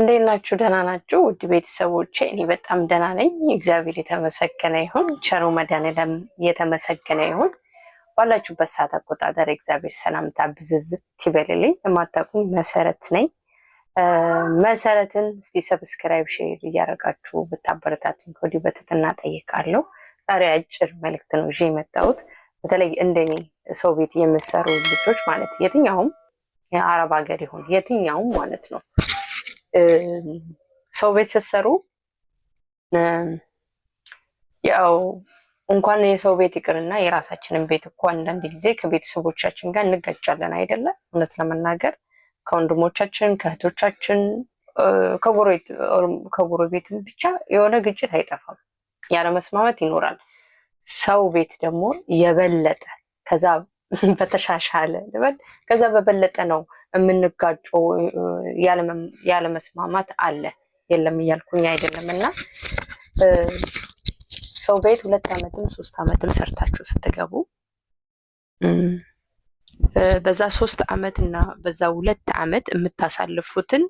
እንዴት ናችሁ? ደህና ናችሁ? ውድ ቤተሰቦቼ እኔ በጣም ደህና ነኝ። እግዚአብሔር የተመሰገነ ይሁን፣ ቸሩ መድኃኔዓለም የተመሰገነ ይሁን። ባላችሁበት ሰዓት አቆጣጠር እግዚአብሔር ሰላምታ ብዝዝት ይበልልኝ። የማታውቁኝ መሰረት ነኝ። መሰረትን እስቲ ሰብስክራይብ፣ ሼር እያደረጋችሁ ብታበረታቱኝ ከወዲሁ በትህትና ጠይቃለሁ። ዛሬ አጭር መልእክት ነው ይዤ የመጣሁት። በተለይ እንደኔ ሰው ቤት የምሰሩ ልጆች ማለት የትኛውም የአረብ ሀገር ይሁን የትኛውም ማለት ነው ሰው ቤት ስትሰሩ ያው እንኳን የሰው ቤት ይቅርና የራሳችንን ቤት እኮ አንዳንድ ጊዜ ከቤተሰቦቻችን ጋር እንጋጫለን አይደለም። እውነት ለመናገር ከወንድሞቻችን፣ ከእህቶቻችን፣ ከጎረቤትም ብቻ የሆነ ግጭት አይጠፋም፣ ያለመስማመት ይኖራል። ሰው ቤት ደግሞ የበለጠ ከዛ በተሻሻለ ልበል ከዛ በበለጠ ነው የምንጋጨው ያለመስማማት አለ። የለም እያልኩኝ አይደለም። እና ሰው ቤት ሁለት ዓመትም ሶስት ዓመትም ሰርታችሁ ስትገቡ በዛ ሶስት ዓመት እና በዛ ሁለት ዓመት የምታሳልፉትን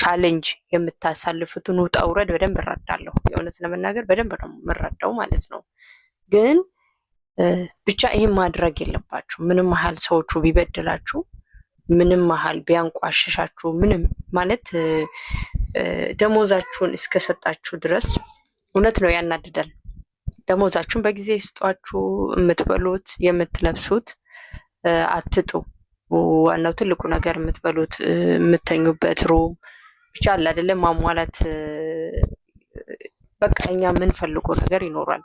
ቻሌንጅ የምታሳልፉትን ውጣ ውረድ በደንብ እረዳለሁ። የእውነት ለመናገር በደንብ ነው የምረዳው ማለት ነው። ግን ብቻ ይህም ማድረግ የለባችሁ ምንም ያህል ሰዎቹ ቢበድላችሁ ምንም ያህል ቢያንቋሽሻችሁ ምንም ማለት ደሞዛችሁን እስከሰጣችሁ ድረስ እውነት ነው ያናድዳል። ደሞዛችሁን በጊዜ ስጧችሁ። የምትበሉት የምትለብሱት አትጡ። ዋናው ትልቁ ነገር የምትበሉት፣ የምተኙበት ሩም ብቻ አለ አይደለም ማሟላት። በቃ እኛ የምንፈልገው ነገር ይኖራል።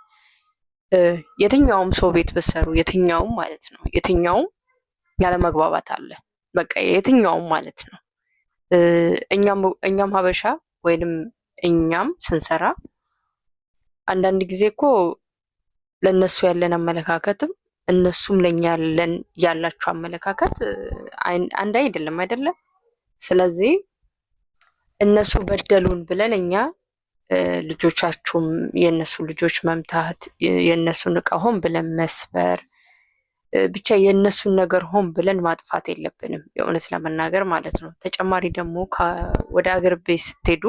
የትኛውም ሰው ቤት ብትሰሩ፣ የትኛውም ማለት ነው የትኛውም ያለመግባባት አለ። በቃ የትኛውም ማለት ነው። እኛም ሀበሻ ወይንም እኛም ስንሰራ አንዳንድ ጊዜ እኮ ለእነሱ ያለን አመለካከትም እነሱም ለእኛ ያላቸው አመለካከት አንድ አይደለም አይደለም። ስለዚህ እነሱ በደሉን ብለን እኛ ልጆቻችሁም የእነሱ ልጆች መምታት የእነሱን እቃ ሆን ብለን መስበር ብቻ የእነሱን ነገር ሆን ብለን ማጥፋት የለብንም፣ የእውነት ለመናገር ማለት ነው። ተጨማሪ ደግሞ ወደ አገር ቤት ስትሄዱ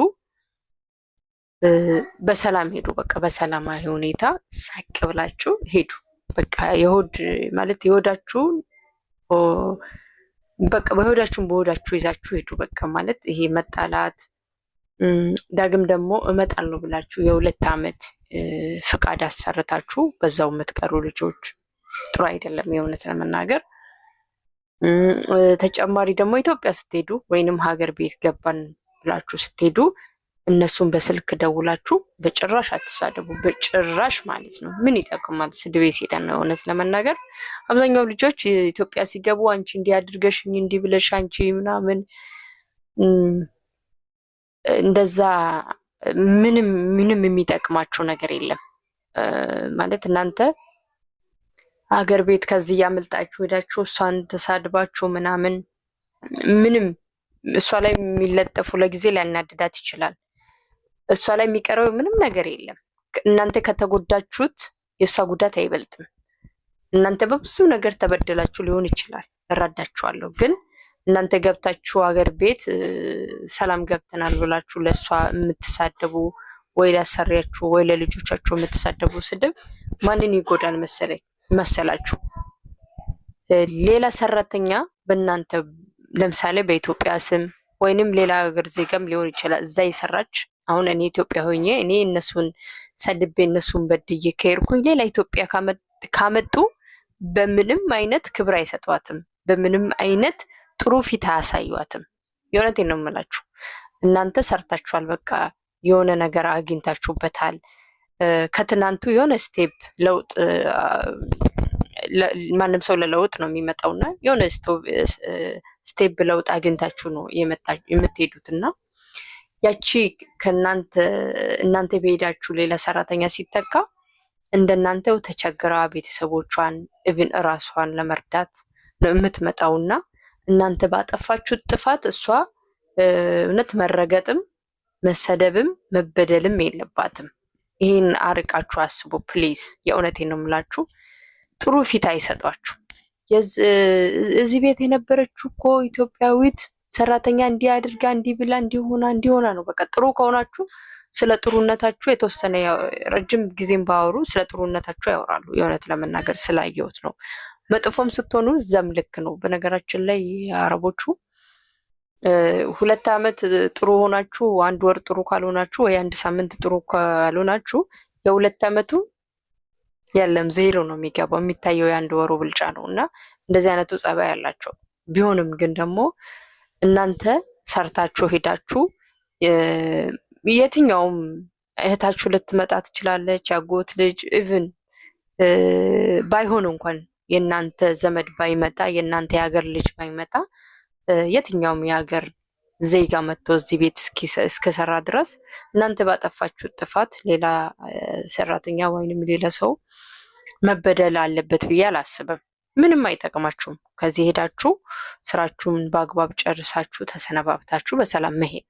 በሰላም ሄዱ። በቃ በሰላማዊ ሁኔታ ሳቅ ብላችሁ ሄዱ። በቃ የሆድ ማለት የሆዳችሁን በቃ በሆዳችሁን በሆዳችሁ ይዛችሁ ሄዱ። በቃ ማለት ይሄ መጣላት ዳግም ደግሞ እመጣለሁ ብላችሁ የሁለት ዓመት ፍቃድ አሰርታችሁ በዛው የምትቀሩ ልጆች ጥሩ አይደለም፣ የእውነት ለመናገር ተጨማሪ ደግሞ ኢትዮጵያ ስትሄዱ ወይንም ሀገር ቤት ገባን ብላችሁ ስትሄዱ እነሱን በስልክ ደውላችሁ በጭራሽ አትሳደቡ፣ በጭራሽ ማለት ነው። ምን ይጠቅማል? ስድቤ ሴጠን ነው እውነት ለመናገር አብዛኛው ልጆች ኢትዮጵያ ሲገቡ አንቺ እንዲህ አድርገሽኝ፣ እንዲህ ብለሽ አንቺ ምናምን እንደዛ ምንም ምንም የሚጠቅማቸው ነገር የለም ማለት እናንተ አገር ቤት ከዚህ እያመልጣችሁ ሄዳችሁ እሷን ተሳድባችሁ ምናምን ምንም እሷ ላይ የሚለጠፉ ለጊዜ ሊያናድዳት ይችላል። እሷ ላይ የሚቀረው ምንም ነገር የለም። እናንተ ከተጎዳችሁት የእሷ ጉዳት አይበልጥም። እናንተ በብዙ ነገር ተበደላችሁ ሊሆን ይችላል፣ እረዳችኋለሁ። ግን እናንተ ገብታችሁ አገር ቤት ሰላም ገብተናል ብላችሁ ለእሷ የምትሳደቡ ወይ ላሰሪያችሁ ወይ ለልጆቻችሁ የምትሳደቡ ስድብ ማንን ይጎዳል መሰለኝ? መሰላችሁ? ሌላ ሰራተኛ በእናንተ ለምሳሌ በኢትዮጵያ ስም ወይንም ሌላ ሀገር ዜጋም ሊሆን ይችላል እዛ የሰራች አሁን እኔ ኢትዮጵያ ሆኜ እኔ እነሱን ሰድቤ እነሱን በድዬ ከሄድኩኝ ሌላ ኢትዮጵያ ካመጡ በምንም አይነት ክብር አይሰጧትም። በምንም አይነት ጥሩ ፊት አያሳዩትም። የእውነቴን ነው የምላችሁ። እናንተ ሰርታችኋል፣ በቃ የሆነ ነገር አግኝታችሁበታል ከትናንቱ የሆነ ስቴፕ ለውጥ ማንም ሰው ለለውጥ ነው የሚመጣው እና የሆነ ስቴፕ ለውጥ አግኝታችሁ ነው የምትሄዱት እና ያቺ ከእናንተ እናንተ በሄዳችሁ ሌላ ሰራተኛ ሲተካ እንደናንተው ተቸግራ ቤተሰቦቿን እብን እራሷን ለመርዳት ነው የምትመጣው እና እናንተ ባጠፋችሁት ጥፋት እሷ እውነት መረገጥም መሰደብም መበደልም የለባትም። ይህን አርቃችሁ አስቡ ፕሊዝ። የእውነቴን ነው የምላችሁ፣ ጥሩ ፊት አይሰጧችሁ። እዚህ ቤት የነበረችው እኮ ኢትዮጵያዊት ሰራተኛ እንዲህ አድርጋ እንዲህ ብላ እንዲሆና እንዲሆና ነው። በቃ ጥሩ ከሆናችሁ ስለ ጥሩነታችሁ የተወሰነ ረጅም ጊዜም ባወሩ ስለ ጥሩነታችሁ ያወራሉ። የእውነት ለመናገር ስላየሁት ነው። መጥፎም ስትሆኑ ዘም ልክ ነው። በነገራችን ላይ አረቦቹ ሁለት ዓመት ጥሩ ሆናችሁ አንድ ወር ጥሩ ካልሆናችሁ ወይ አንድ ሳምንት ጥሩ ካልሆናችሁ የሁለት ዓመቱ የለም ዜሮ ነው የሚገባው። የሚታየው የአንድ ወሩ ብልጫ ነው እና እንደዚህ አይነቱ ጸባይ ያላቸው ቢሆንም ግን ደግሞ እናንተ ሰርታችሁ ሄዳችሁ የትኛውም እህታችሁ ልትመጣ ትችላለች። ያጎት ልጅ ኢቭን ባይሆን እንኳን የእናንተ ዘመድ ባይመጣ የእናንተ የሀገር ልጅ ባይመጣ የትኛውም የሀገር ዜጋ መጥቶ እዚህ ቤት እስከሰራ ድረስ እናንተ ባጠፋችሁ ጥፋት ሌላ ሰራተኛ ወይንም ሌላ ሰው መበደል አለበት ብዬ አላስብም። ምንም አይጠቅማችሁም። ከዚህ ሄዳችሁ ስራችሁን በአግባብ ጨርሳችሁ ተሰነባብታችሁ በሰላም መሄድ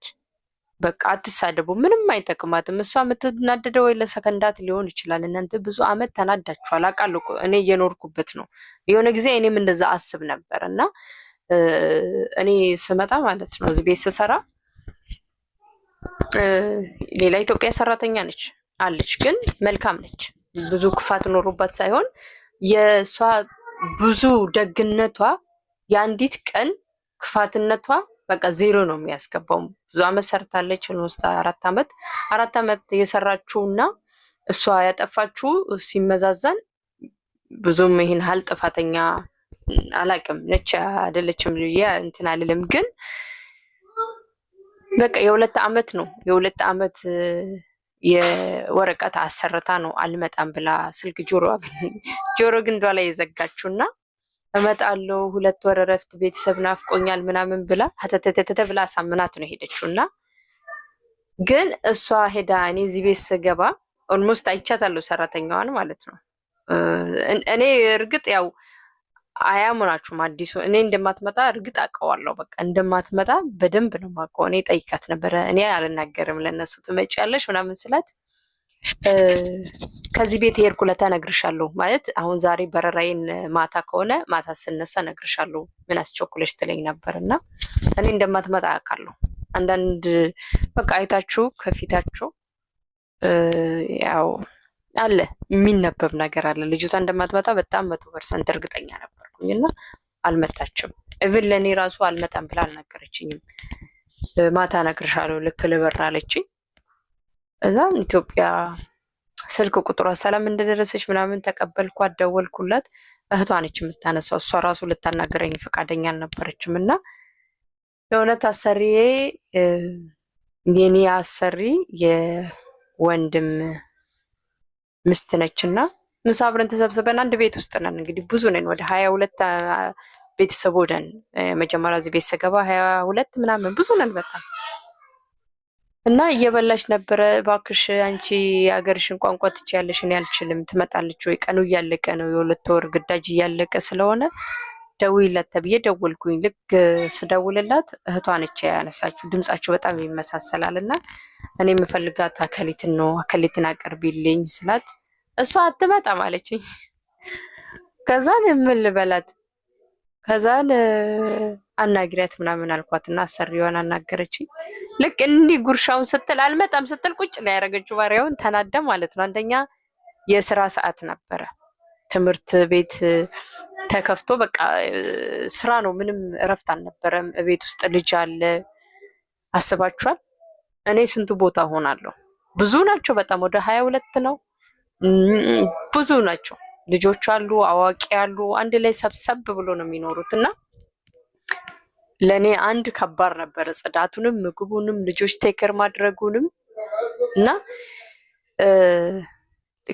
በቃ አትሳደቡ። ምንም አይጠቅማትም። እሷ የምትናደደ ወይ ለሰከንዳት ሊሆን ይችላል። እናንተ ብዙ አመት ተናዳችኋል። አቃልቁ እኔ እየኖርኩበት ነው። የሆነ ጊዜ እኔም እንደዛ አስብ ነበር እና እኔ ስመጣ ማለት ነው እዚህ ቤት ስሰራ ሌላ ኢትዮጵያ ሰራተኛ ነች አለች፣ ግን መልካም ነች። ብዙ ክፋት ኖሮባት ሳይሆን የእሷ ብዙ ደግነቷ የአንዲት ቀን ክፋትነቷ በቃ ዜሮ ነው የሚያስገባው። ብዙ አመት ሰርታለች። ንወስታ አራት አመት አራት አመት የሰራችው እና እሷ ያጠፋችው ሲመዛዘን ብዙም ይህን ያህል ጥፋተኛ አላቅም ነች አይደለችም እንትን አልልም፣ ግን በቃ የሁለት አመት ነው የሁለት አመት የወረቀት አሰርታ ነው አልመጣም ብላ ስልክ ጆሮ ግንዷ ላይ የዘጋችው እና እመጣለሁ ሁለት ወር እረፍት ቤተሰብ ናፍቆኛል ምናምን ብላ ተተተተተ ብላ አሳምናት ነው ሄደችው እና ግን እሷ ሄዳ እኔ እዚህ ቤት ስገባ ኦልሞስት አይቻታለሁ ሰራተኛዋን ማለት ነው። እኔ እርግጥ ያው አያምራችሁም። አዲሱ እኔ እንደማትመጣ እርግጥ አውቀዋለሁ። በቃ እንደማትመጣ በደንብ ነው የማውቀው። እኔ ጠይቃት ነበረ። እኔ አልናገርም ለእነሱ ትመጪያለሽ ምናምን ስላት ከዚህ ቤት ሄድኩ ለታ እነግርሻለሁ ማለት አሁን ዛሬ በረራዬን ማታ ከሆነ ማታ ስነሳ እነግርሻለሁ ምን አስቸኩለሽ ትለኝ ነበር። እና እኔ እንደማትመጣ አውቃለሁ። አንዳንድ በቃ አይታችሁ ከፊታችሁ ያው አለ የሚነበብ ነገር አለ። ልጅቷ እንደማትመጣ በጣም መቶ ፐርሰንት እርግጠኛ ነበርኩኝ እና አልመጣችም። እብን ለእኔ ራሱ አልመጣም ብላ አልነገረችኝም። ማታ እነግርሻለሁ ልክ ልበር አለችኝ። እዛም ኢትዮጵያ ስልክ ቁጥሯ ሰላም እንደደረሰች ምናምን ተቀበልኩ፣ ደወልኩላት። እህቷ ነች የምታነሳው። እሷ ራሱ ልታናገረኝ ፈቃደኛ አልነበረችም እና የእውነት አሰሪዬ የኔ አሰሪ የወንድም ምስት ነች እና ምሳ አብረን ተሰብስበን አንድ ቤት ውስጥ ነን። እንግዲህ ብዙ ነን፣ ወደ ሀያ ሁለት ቤተሰብ ወደን መጀመሪያ እዚህ ቤት ስገባ ሀያ ሁለት ምናምን ብዙ ነን በጣም እና እየበላች ነበረ። እባክሽ አንቺ የሀገርሽን ቋንቋ ትችያለሽ፣ እኔ አልችልም። ትመጣለች ወይ? ቀኑ እያለቀ ነው፣ የሁለት ወር ግዳጅ እያለቀ ስለሆነ ደውይለት ተብዬ ደወልኩኝ። ልክ ስደውልላት እህቷ ነች ያነሳችው። ድምጻቸው በጣም ይመሳሰላል እና እኔ የምፈልጋት አከሊትን ነው፣ አከሊትን አቅርቢልኝ ስላት እሷ አትመጣም አለችኝ። ከዛን ምን ልበላት? ከዛን አናግሪያት ምናምን አልኳት እና አሰሪዋን አናገረችኝ። ልክ እንዲህ ጉርሻውን ስትል አልመጣም ስትል ቁጭ ነው ያደረገችው። ባሪያውን ተናዳ ማለት ነው። አንደኛ የስራ ሰዓት ነበረ ትምህርት ቤት ተከፍቶ በቃ ስራ ነው። ምንም እረፍት አልነበረም። ቤት ውስጥ ልጅ አለ። አስባችኋል? እኔ ስንቱ ቦታ ሆናለሁ። ብዙ ናቸው፣ በጣም ወደ ሀያ ሁለት ነው። ብዙ ናቸው። ልጆች አሉ፣ አዋቂ አሉ። አንድ ላይ ሰብሰብ ብሎ ነው የሚኖሩት እና ለእኔ አንድ ከባድ ነበረ፣ ጽዳቱንም፣ ምግቡንም፣ ልጆች ቴክር ማድረጉንም እና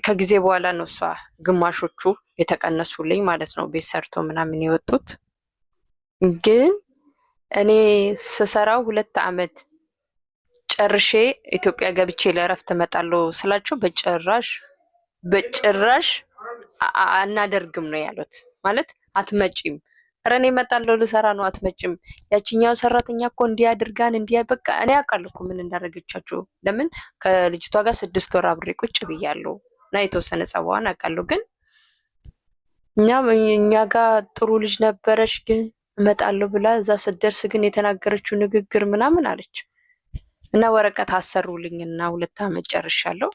ከጊዜ በኋላ ነው እሷ ግማሾቹ የተቀነሱልኝ ማለት ነው። ቤት ሰርቶ ምናምን የወጡት ግን እኔ ስሰራው ሁለት አመት ጨርሼ ኢትዮጵያ ገብቼ ለእረፍት እመጣለሁ ስላቸው በጭራሽ በጭራሽ አናደርግም ነው ያሉት። ማለት አትመጪም፣ እረ እኔ እመጣለሁ ልሰራ ነው፣ አትመጪም። ያችኛው ሰራተኛ እኮ እንዲያድርጋን እንዲያበቃ እኔ አውቃለሁ እኮ ምን እንዳደረገቻቸው። ለምን ከልጅቷ ጋር ስድስት ወር አብሬ ቁጭ ብያለሁ። እና የተወሰነ ጸባዋን አውቃለሁ። ግን እኛም እኛ ጋር ጥሩ ልጅ ነበረች፣ ግን እመጣለሁ ብላ እዛ ስደርስ ግን የተናገረችው ንግግር ምናምን አለች እና ወረቀት አሰሩልኝ እና ሁለት ዓመት ጨርሻለሁ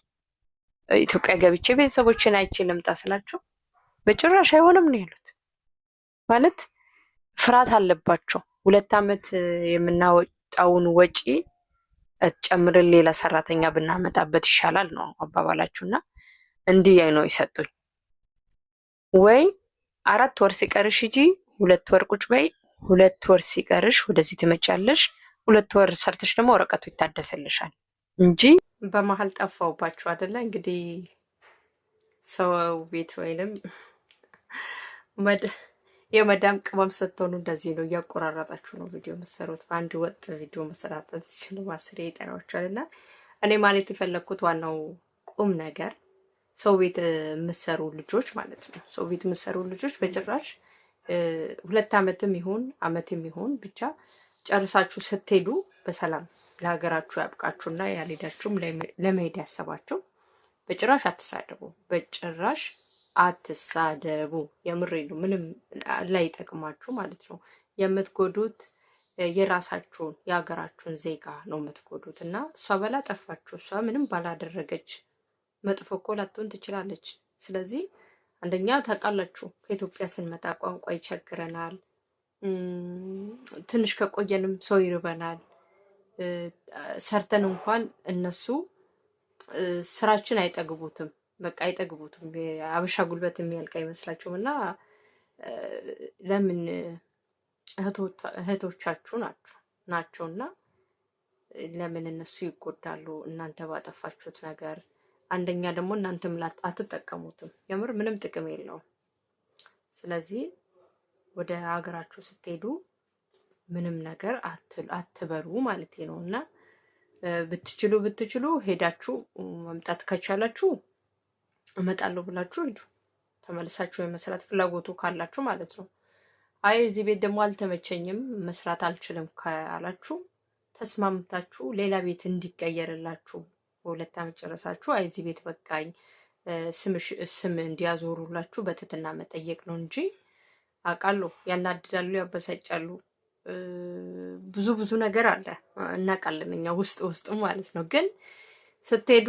ኢትዮጵያ ገብቼ ቤተሰቦችን አይቼ ልምጣ ስላቸው በጭራሽ አይሆንም ነው ያሉት። ማለት ፍርሃት አለባቸው። ሁለት ዓመት የምናወጣውን ወጪ ጨምርን ሌላ ሰራተኛ ብናመጣበት ይሻላል ነው አባባላችሁ እና እንዲያይ ነው የሰጡኝ። ወይ አራት ወር ሲቀርሽ ሂጂ፣ ሁለት ወር ቁጭ በይ፣ ሁለት ወር ሲቀርሽ ወደዚህ ትመጫለሽ፣ ሁለት ወር ሰርተሽ ደግሞ ወረቀቱ ይታደሰልሻል እንጂ በመሀል ጠፋውባችሁ አደለ እንግዲህ ሰው ቤት ወይንም የመዳም ቅመም ስትሆኑ እንደዚህ ነው፣ እያቆራረጣችሁ ነው ቪዲዮ መሰሩት። በአንድ ወጥ ቪዲዮ መሰራጠት ሲችሉ ማስሬ ይጠራዎቻል። እና እኔ ማለት የፈለግኩት ዋናው ቁም ነገር ሰው ቤት የምትሰሩ ልጆች ማለት ነው። ሰው ቤት የምትሰሩ ልጆች በጭራሽ ሁለት ዓመትም ይሁን ዓመትም ይሁን ብቻ ጨርሳችሁ ስትሄዱ በሰላም ለሀገራችሁ ያብቃችሁና ያልሄዳችሁም ለመሄድ ያሰባችሁ በጭራሽ አትሳደቡ፣ በጭራሽ አትሳደቡ። የምሬ ነው። ምንም ላይ ማለት ነው። የምትጎዱት የራሳችሁን የሀገራችሁን ዜጋ ነው የምትጎዱት እና እሷ በላ ጠፋችሁ እሷ ምንም ባላደረገች መጥፎ እኮ ላትሆን ትችላለች። ስለዚህ አንደኛ ታውቃላችሁ፣ ከኢትዮጵያ ስንመጣ ቋንቋ ይቸግረናል። ትንሽ ከቆየንም ሰው ይርበናል። ሰርተን እንኳን እነሱ ስራችን አይጠግቡትም፣ በቃ አይጠግቡትም። አበሻ ጉልበት የሚያልቅ አይመስላቸውም። እና ለምን እህቶቻችሁ ናቸው እና ለምን እነሱ ይጎዳሉ እናንተ ባጠፋችሁት ነገር አንደኛ ደግሞ እናንተም አትጠቀሙትም። የምር ምንም ጥቅም የለውም። ስለዚህ ወደ ሀገራችሁ ስትሄዱ ምንም ነገር አትበሉ ማለት ነው እና ብትችሉ ብትችሉ ሄዳችሁ መምጣት ከቻላችሁ እመጣለሁ ብላችሁ ሂዱ። ተመልሳችሁ የመስራት ፍላጎቱ ካላችሁ ማለት ነው። አይ እዚህ ቤት ደግሞ አልተመቸኝም መስራት አልችልም ካላችሁ ተስማምታችሁ ሌላ ቤት እንዲቀየርላችሁ በሁለት ዓመት ጨረሳችሁ አይ እዚህ ቤት በቃኝ ስም እንዲያዞሩላችሁ በትትና መጠየቅ ነው እንጂ አውቃለሁ፣ ያናድዳሉ፣ ያበሳጫሉ። ብዙ ብዙ ነገር አለ እናውቃለን እኛ ውስጥ ውስጥ ማለት ነው። ግን ስትሄዱ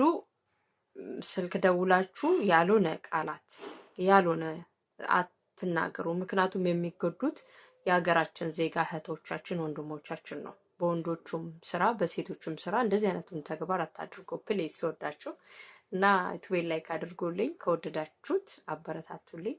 ስልክ ደውላችሁ ያልሆነ ቃላት ያልሆነ አትናገሩ። ምክንያቱም የሚጎዱት የሀገራችን ዜጋ እህቶቻችን፣ ወንድሞቻችን ነው። በወንዶቹም ስራ በሴቶቹም ስራ እንደዚህ አይነቱን ተግባር አታድርጎ ፕሌስ ስወዳቸው እና ትዌል ላይክ አድርጎልኝ ከወደዳችሁት አበረታቱልኝ።